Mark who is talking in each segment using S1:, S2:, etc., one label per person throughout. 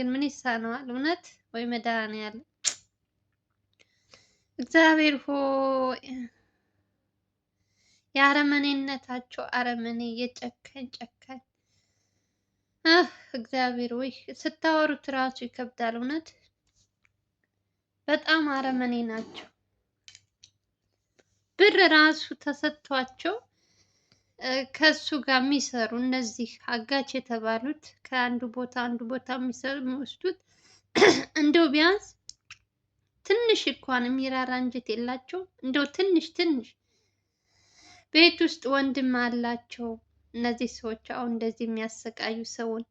S1: ግን ምን ይሳነዋል እውነት ወይ መድኃኒዓለም እግዚአብሔር ሆይ የአረመኔነታቸው አረመኔ የጨካኝ ጨካኝ እግዚአብሔር ወይ ስታወሩት ራሱ ይከብዳል እውነት በጣም አረመኔ ናቸው ብር ራሱ ተሰጥቷቸው ከሱ ጋር የሚሰሩ እነዚህ አጋች የተባሉት ከአንዱ ቦታ አንዱ ቦታ የሚወስዱት እንደው ቢያንስ ትንሽ እንኳን የሚራራ አንጀት የላቸው። እንደው ትንሽ ትንሽ ቤት ውስጥ ወንድም አላቸው እነዚህ ሰዎች አሁን እንደዚህ የሚያሰቃዩ ሰውን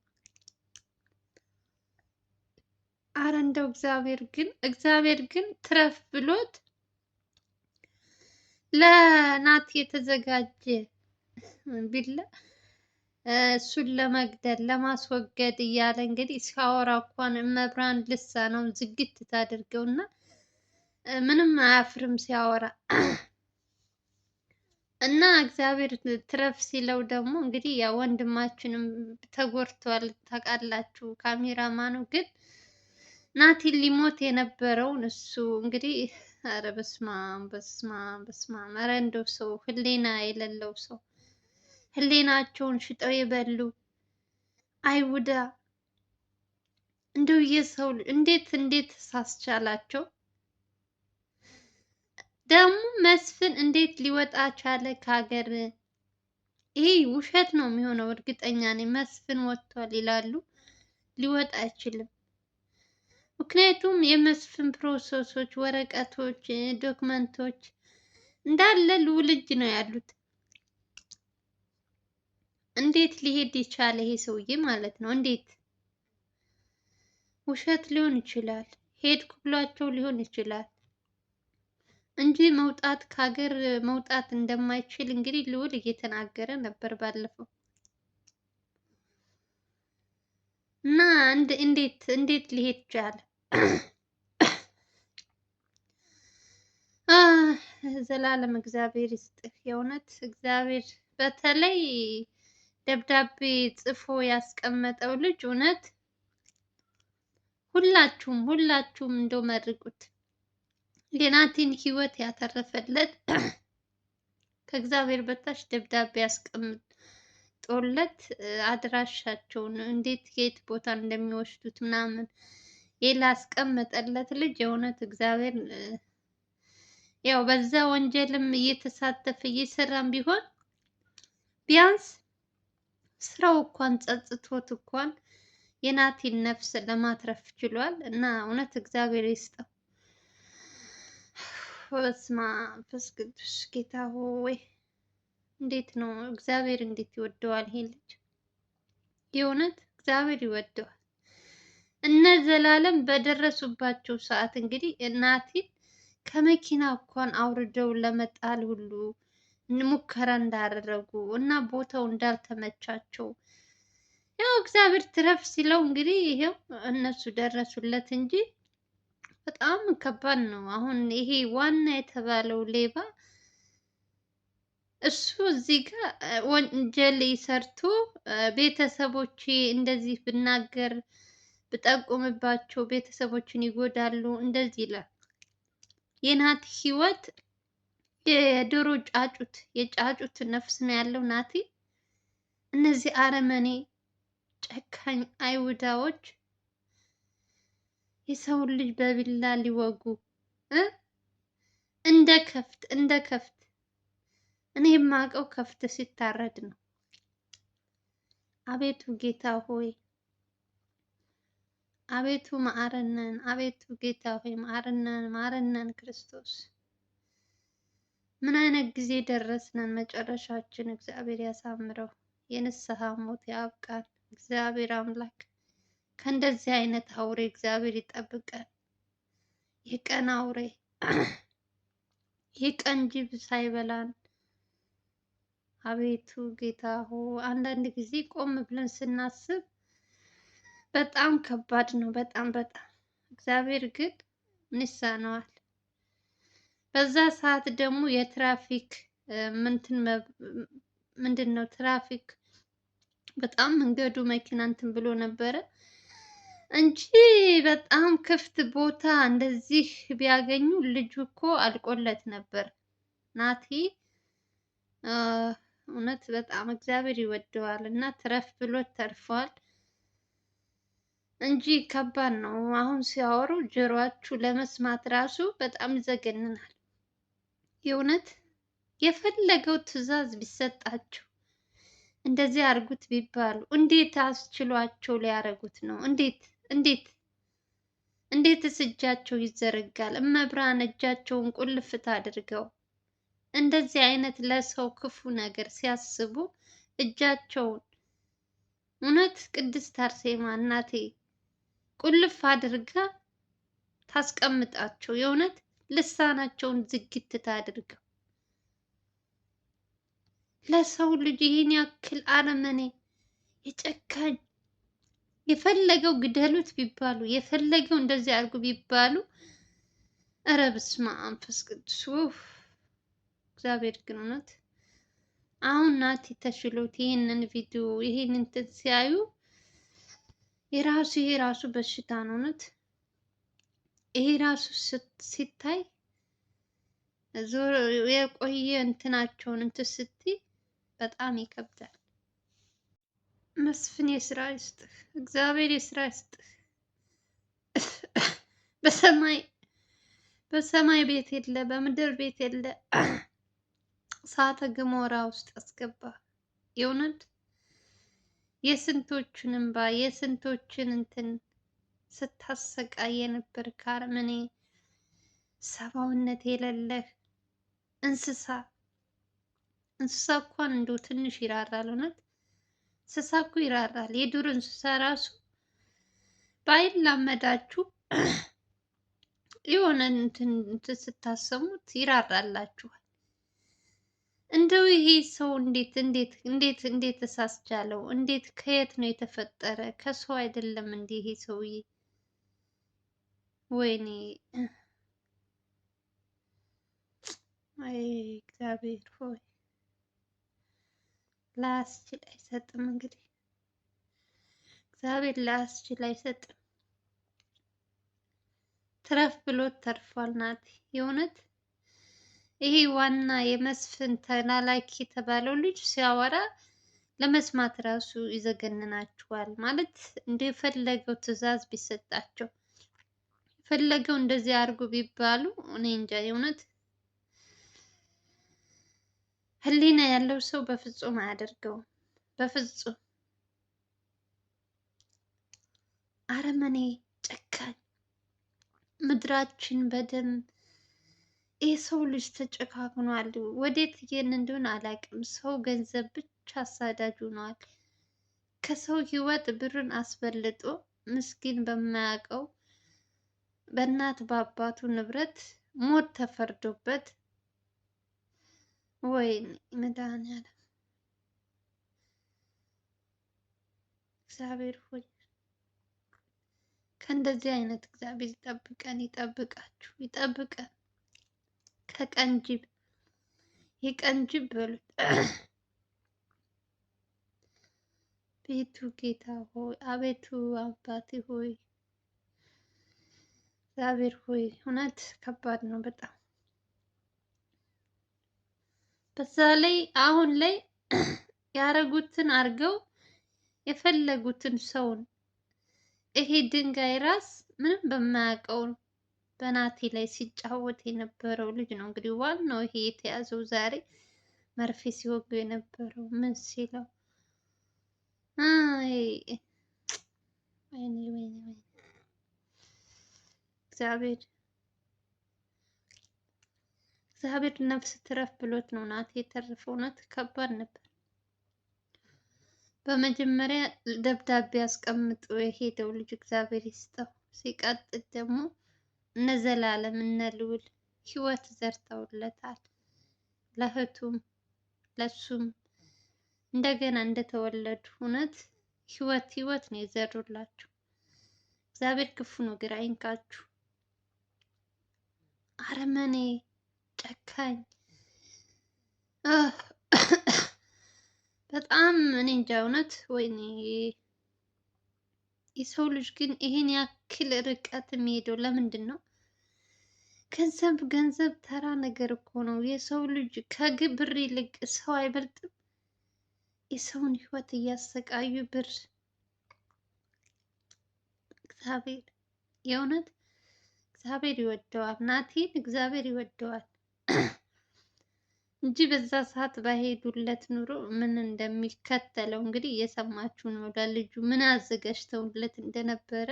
S1: አረ እንደው እግዚአብሔር ግን እግዚአብሔር ግን ትረፍ ብሎት ለናት የተዘጋጀ ቢላ እሱን ለመግደል ለማስወገድ እያለ እንግዲህ ሲያወራ እንኳን መብራን ነው ዝግት እና ምንም አያፍርም ሲያወራ እና እግዚአብሔር ትረፍ ሲለው ደግሞ እንግዲህ ያ ወንድማችንም ተጎድቷል። ታውቃላችሁ ካሜራማኑ ግን ናቲ ሊሞት የነበረውን እሱ እንግዲህ አረ በስማ በስማ በስማም አብ እንደው ሰው ህሊና የሌለው ሰው ህሌናቸውን ሽጠው የበሉ አይውዳ እንደው የሰው እንዴት እንዴት ሳስቻላቸው ደግሞ መስፍን እንዴት ሊወጣ ቻለ ከሀገር? ይሄ ውሸት ነው የሚሆነው። እርግጠኛ ነኝ መስፍን ወጥቷል ይላሉ፣ ሊወጣ አይችልም። ምክንያቱም የመስፍን ፕሮሰሶች፣ ወረቀቶች፣ ዶክመንቶች እንዳለ ልውልጅ ነው ያሉት። እንዴት ሊሄድ ይቻለ ይሄ ሰውዬ ማለት ነው? እንዴት ውሸት ሊሆን ይችላል፣ ሄድኩ ብሏቸው ሊሆን ይችላል እንጂ መውጣት ከሀገር መውጣት እንደማይችል እንግዲህ ልዑል እየተናገረ ነበር ባለፈው። እና እንዴት እንዴት ሊሄድ ቻለ? ዘላለም እግዚአብሔር ይስጥህ የእውነት እግዚአብሔር በተለይ ደብዳቤ ጽፎ ያስቀመጠው ልጅ እውነት ሁላችሁም ሁላችሁም እንደው መርቁት። የናቲን ህይወት ያተረፈለት ከእግዚአብሔር በታች ደብዳቤ ያስቀምጦለት አድራሻቸውን እንዴት የት ቦታ እንደሚወስዱት ምናምን አስቀመጠለት ልጅ የእውነት እግዚአብሔር ያው በዛ ወንጀልም እየተሳተፈ እየሰራም ቢሆን ቢያንስ ስራው እንኳን ጸጽቶት እንኳን የናቲን ነፍስ ለማትረፍ ችሏል። እና እውነት እግዚአብሔር ይስጠው። በስመ አብ ቅዱስ ጌታ ሆይ እንዴት ነው እግዚአብሔር እንዴት ይወደዋል ይሄ ልጅ የእውነት እግዚአብሔር ይወደዋል። እነ ዘላለም በደረሱባቸው ሰዓት እንግዲህ እናቲን ከመኪና እንኳን አውርደው ለመጣል ሁሉ ሙከራ እንዳደረጉ እና ቦታው እንዳልተመቻቸው ያው እግዚአብሔር ትረፍ ሲለው እንግዲህ ይሄው እነሱ ደረሱለት እንጂ በጣም ከባድ ነው። አሁን ይሄ ዋና የተባለው ሌባ እሱ እዚህ ጋር ወንጀል ሰርቶ ቤተሰቦች እንደዚህ ብናገር ብጠቁምባቸው ቤተሰቦችን ይጎዳሉ እንደዚህ ይላል። የናት ህይወት የዶሮ ጫጩት የጫጩት ነፍስ ነው ያለው ናቲ። እነዚህ አረመኔ ጨካኝ አይሁዳዎች የሰውን ልጅ በቢላ ሊወጉ እንደ ከፍት እንደ ከፍት እኔ የማውቀው ከፍት ሲታረድ ነው። አቤቱ ጌታ ሆይ አቤቱ ማረነን፣ አቤቱ ጌታ ሆይ ማረነን፣ ማረነን ክርስቶስ ምን አይነት ጊዜ ደረስነን? መጨረሻችን እግዚአብሔር ያሳምረው። የንስሐ ሞት ያብቃን። እግዚአብሔር አምላክ ከእንደዚህ አይነት አውሬ እግዚአብሔር ይጠብቀን። የቀን አውሬ የቀን ጅብ ሳይበላን። አቤቱ ጌታ ሆ አንዳንድ ጊዜ ቆም ብለን ስናስብ በጣም ከባድ ነው። በጣም በጣም እግዚአብሔር ግን ነዋል። በዛ ሰዓት ደግሞ የትራፊክ ምንድን ነው ትራፊክ በጣም መንገዱ መኪና እንትን ብሎ ነበረ እንጂ በጣም ክፍት ቦታ እንደዚህ ቢያገኙ ልጁ እኮ አልቆለት ነበር። ናቲ እውነት በጣም እግዚአብሔር ይወደዋል እና ትረፍ ብሎት ተርፏል እንጂ ከባድ ነው። አሁን ሲያወሩ ጆሯችሁ ለመስማት ራሱ በጣም ይዘገንናል። የእውነት የፈለገው ትዕዛዝ ቢሰጣቸው እንደዚህ አድርጉት ቢባሉ እንዴት አስችሏቸው ሊያደርጉት ነው? እንዴት እንዴት እንዴትስ እጃቸው ይዘረጋል? እመብርሃን እጃቸውን ቁልፍት አድርገው እንደዚህ አይነት ለሰው ክፉ ነገር ሲያስቡ እጃቸውን እውነት ቅድስት አርሴማ እናቴ ቁልፍ አድርጋ ታስቀምጣቸው የእውነት ልሳናቸውን ዝግት ታድርገው። ለሰው ልጅ ይህን ያክል አረመኔ የጨካኝ የፈለገው ግደሉት ቢባሉ የፈለገው እንደዚህ አድርጉ ቢባሉ፣ ኧረ በስመ አብ መንፈስ ቅዱስ እግዚአብሔር ግን እውነት አሁን ናቲ ተሽሎት ይህንን ቪዲዮ ይህንን እንትን ሲያዩ የራሱ የራሱ በሽታ ነው እውነት። ይሄ ራሱ ሲታይ ዞር የቆየ እንትናቸውን እንትን ስትይ በጣም ይከብዳል። መስፍን የስራ ይስጥህ፣ እግዚአብሔር የስራ ይስጥህ። በሰማይ በሰማይ ቤት የለ በምድር ቤት የለ እሳተ ገሞራ ውስጥ አስገባ። የእውነት የስንቶችን እንባ የስንቶችን እንትን ስታሰቃየ ነበር። ካርምኔ ሰብአዊነት የሌለህ እንስሳ። እንስሳ እንኳን እንዶ ትንሽ ይራራል። እውነት እንስሳ እኮ ይራራል። የዱር እንስሳ ራሱ ላመዳችሁ የሆነ እንትን ስታሰሙት ይራራላችኋል። እንደው ይሄ ሰው እንዴት እንዴት እንዴት እንዴት ተሳስቻለው? እንዴት ከየት ነው የተፈጠረ? ከሰው አይደለም እንዴ ይሄ ሰውዬ? ወይኔ አይ እግዚአብሔር ሆይ ላስችል አይሰጥም። እንግዲህ እግዚአብሔር ላስችል አይሰጥም። ትረፍ ብሎት ተርፏል። ናት የእውነት ይሄ ዋና የመስፍን ተላላኪ የተባለው ልጅ ሲያወራ ለመስማት ራሱ ይዘገንናችኋል። ማለት እንደፈለገው ትዕዛዝ ቢሰጣቸው ፈለገው እንደዚህ አድርጉ ቢባሉ እኔ እንጃ የእውነት ህሊና ያለው ሰው በፍጹም አያደርገውም። በፍጹም አረመኔ ጨካኝ ምድራችን በደም የሰው ልጅ ተጨካክኗል። ወዴት ይህን እንደሆነ አላውቅም። ሰው ገንዘብ ብቻ አሳዳጅ ሆኗል። ከሰው ህይወት ብርን አስበልጦ ምስኪን በማያውቀው በእናት በአባቱ ንብረት ሞት ተፈርዶበት ወይኔ መድኃኒዓለም እግዚአብሔር ሆይ ከእንደዚህ አይነት እግዚአብሔር ይጠብቀን፣ ይጠብቃችሁ፣ ይጠብቀን ከቀንጅብ የቀንጅብ በሉት። ቤቱ ጌታ ሆይ አቤቱ አባቴ ሆይ እግዚአብሔር ሆይ እውነት ከባድ ነው በጣም። በዛ ላይ አሁን ላይ ያረጉትን አርገው የፈለጉትን ሰውን ይሄ ድንጋይ ራስ ምንም በማያውቀው በናቴ ላይ ሲጫወት የነበረው ልጅ ነው እንግዲህ ዋናው ይሄ የተያዘው ዛሬ መርፌ ሲወጉ የነበረው ምን ሲለው ወይኔ ወይኔ ወይኔ እግዚአብሔር እግዚአብሔር ነፍስ ትረፍ ብሎት ነው ናት የተረፈው። እውነት ከባድ ነበር። በመጀመሪያ ደብዳቤ አስቀምጦ የሄደው ልጅ እግዚአብሔር ይስጠው። ሲቀጥል ደግሞ እነ ዘላለም እነ ልዑል ህይወት ዘርተውለታል። ለእህቱም ለሱም እንደገና እንደተወለዱ እውነት ህይወት ህይወት ነው የዘሩላችሁ። እግዚአብሔር ክፉ ነገር አይንካችሁ። አረመኔ፣ ጨካኝ በጣም እኔ እንጃ እውነት። ወይኔ የሰው ልጅ ግን ይሄን ያክል ርቀት የሚሄደው ለምንድን ነው? ገንዘብ ገንዘብ ተራ ነገር እኮ ነው። የሰው ልጅ ከብር ይልቅ ሰው አይበልጥም። የሰውን ህይወት እያሰቃዩ ብር እግዚአብሔር የእውነት እግዚአብሔር ይወደዋል። ናቲን እግዚአብሔር ይወደዋል እንጂ በዛ ሰዓት ባሄዱለት ኑሮ ምን እንደሚከተለው እንግዲህ እየሰማችሁ ነው። ለልጁ ምን አዘጋጅተውለት እንደነበረ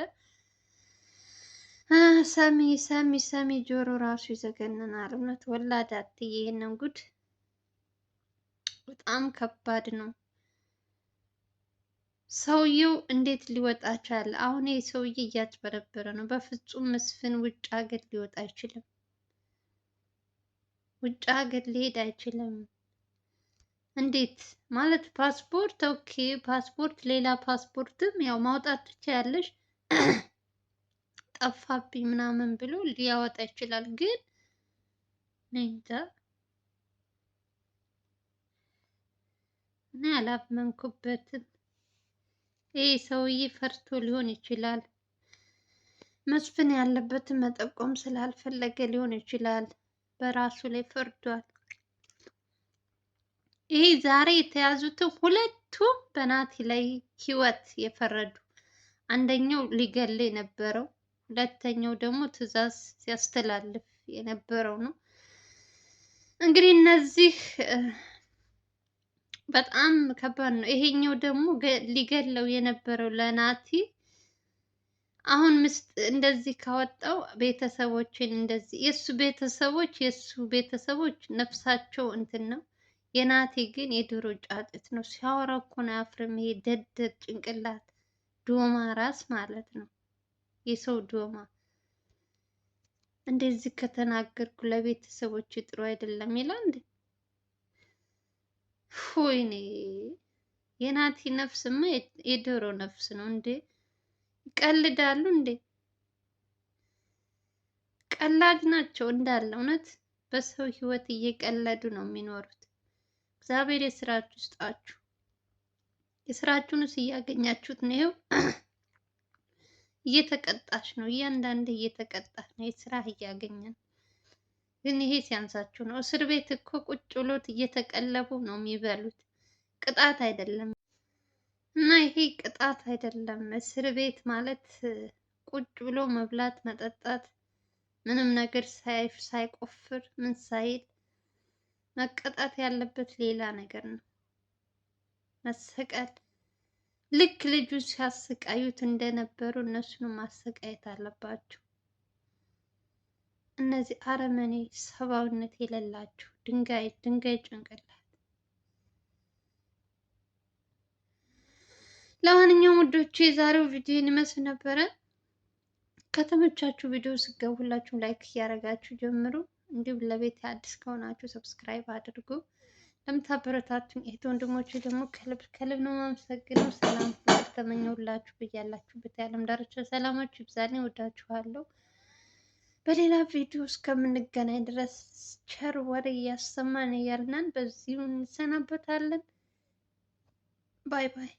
S1: ሰሚ ሰሚ ሰሚ ጆሮ ራሱ ይዘገንናል። እውነት ወላዳት ይሄንን ጉድ በጣም ከባድ ነው። ሰውየው እንዴት ሊወጣ ቻለ? አሁን ይህ ሰውዬ እያጭበረበረ ነው። በፍጹም መስፍን ውጭ ሀገር ሊወጣ አይችልም። ውጭ ሀገር ሊሄድ አይችልም። እንዴት ማለት ፓስፖርት ኦኬ፣ ፓስፖርት ሌላ ፓስፖርትም ያው ማውጣት ትችያለሽ፣ ጠፋብኝ ምናምን ብሎ ሊያወጣ ይችላል። ግን እንጃ እኔ አላመንኩበትም። ይህ ሰውዬ ፈርቶ ሊሆን ይችላል። መስፍን ያለበትን መጠቆም ስላልፈለገ ሊሆን ይችላል። በራሱ ላይ ፈርዷል። ይህ ዛሬ የተያዙት ሁለቱም በናቲ ላይ ህይወት የፈረዱ አንደኛው ሊገል የነበረው ሁለተኛው ደግሞ ትዕዛዝ ሲያስተላልፍ የነበረው ነው። እንግዲህ እነዚህ በጣም ከባድ ነው። ይሄኛው ደግሞ ሊገለው የነበረው ለናቲ አሁን ምስጥ እንደዚህ ካወጣው ቤተሰቦችን እንደዚህ የእሱ ቤተሰቦች የእሱ ቤተሰቦች ነፍሳቸው እንትን ነው። የናቲ ግን የዶሮ ጫጩት ነው። ሲያወራ እኮ ነው አያፍርም። ይሄ ደደብ ጭንቅላት ዶማ ራስ ማለት ነው። የሰው ዶማ እንደዚህ ከተናገርኩ ለቤተሰቦች ጥሩ አይደለም ይላል እንዴ? ፎይኔ የናቲ ነፍስማ የዶሮ ነፍስ ነው እንዴ! ይቀልዳሉ እንዴ! ቀላጅ ናቸው እንዳለ እውነት በሰው ህይወት እየቀለዱ ነው የሚኖሩት። እግዚአብሔር የስራችሁ ይስጣችሁ። የስራችሁንስ እያገኛችሁት ነው። ይኸው እየተቀጣች ነው፣ እያንዳንዴ እየተቀጣች ነው። የስራ እያገኘን ግን ይሄ ሲያንሳችሁ ነው። እስር ቤት እኮ ቁጭ ብሎት እየተቀለቡ ነው የሚበሉት። ቅጣት አይደለም እና ይሄ ቅጣት አይደለም። እስር ቤት ማለት ቁጭ ብሎ መብላት፣ መጠጣት፣ ምንም ነገር ሳይቆፍር ምን ሳይል መቀጣት ያለበት ሌላ ነገር ነው። መሰቀል ልክ ልጁ ሲያሰቃዩት እንደነበሩ እነሱንም ማሰቃየት አለባቸው። እነዚህ አረመኔ ሰብአዊነት የሌላቸው ድንጋይ ድንጋይ ጭንቅላት። ለማንኛውም ውዶቼ የዛሬው ቪዲዮ ይመስል ነበረ። ከተመቻችሁ ቪዲዮ ስገቡ ሁላችሁም ላይክ እያደረጋችሁ ጀምሩ። እንዲሁም ለቤት አዲስ ከሆናችሁ ሰብስክራይብ አድርጉ። ለምታበረታቱኝ እህት ወንድሞቼ ደግሞ ከልብ ከልብ ነው የማመሰግነው። ሰላም ተመኘሁላችሁ። በያላችሁበት የዓለም ዳርቻ ሰላማችሁ ይብዛልኝ። ወዳችኋለሁ። በሌላ ቪዲዮ እስከምንገናኝ ድረስ ቸር ወሬ እያሰማን እያልናን በዚሁ እንሰናበታለን። ባይ ባይ።